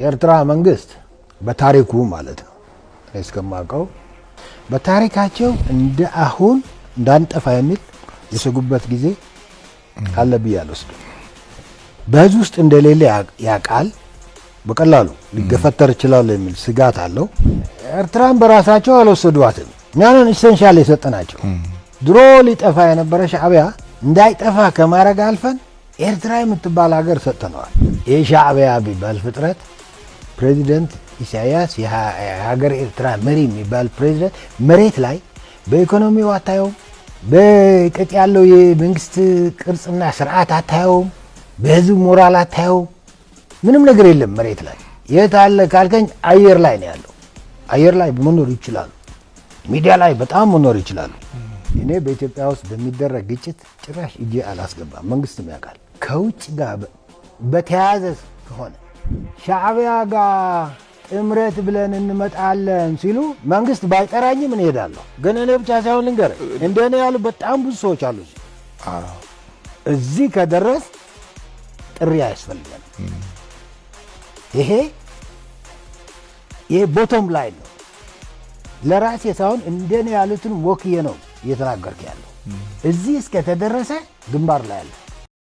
የኤርትራ መንግስት በታሪኩ ማለት ነው እስከማውቀው በታሪካቸው እንደ አሁን እንዳንጠፋ የሚል የሰጉበት ጊዜ አለ ብዬ አልወስድም። በህዝብ ውስጥ እንደሌለ ያቃል። በቀላሉ ሊገፈተር ይችላል የሚል ስጋት አለው። ኤርትራን በራሳቸው አልወሰዷትም። ያንን ኢሴንሻል የሰጠናቸው ድሮ ሊጠፋ የነበረ ሻዕቢያ እንዳይጠፋ ከማድረግ አልፈን ኤርትራ የምትባል ሀገር ሰጥተነዋል። ይህ ሻዕቢያ ቢባል ፍጥረት ፕሬዚደንት ኢሳያስ የሀገር ኤርትራ መሪ የሚባል ፕሬዚደንት መሬት ላይ በኢኮኖሚው አታየውም፣ በቅጥ ያለው የመንግስት ቅርጽና ስርዓት አታየውም፣ በህዝብ ሞራል አታየውም። ምንም ነገር የለም መሬት ላይ። የት አለ ካልከኝ አየር ላይ ነው ያለው። አየር ላይ መኖር ይችላሉ፣ ሚዲያ ላይ በጣም መኖር ይችላሉ። እኔ በኢትዮጵያ ውስጥ በሚደረግ ግጭት ጭራሽ እጄ አላስገባም። መንግስትም ያውቃል። ከውጭ ጋር በተያያዘ ከሆነ ሻዕቢያ ጋር ጥምረት ብለን እንመጣለን ሲሉ መንግስት ባይጠራኝም እንሄዳለሁ። ግን እኔ ብቻ ሳይሆን ልንገር፣ እንደ እኔ ያሉ በጣም ብዙ ሰዎች አሉ። እዚህ ከደረስ ጥሪ አያስፈልገን። ይሄ ይሄ ቦቶም ላይ ነው። ለራሴ ሳይሆን እንደኔ ያሉትን ወክዬ ነው እየተናገርክ ያለው። እዚህ እስከተደረሰ ግንባር ላይ ያለ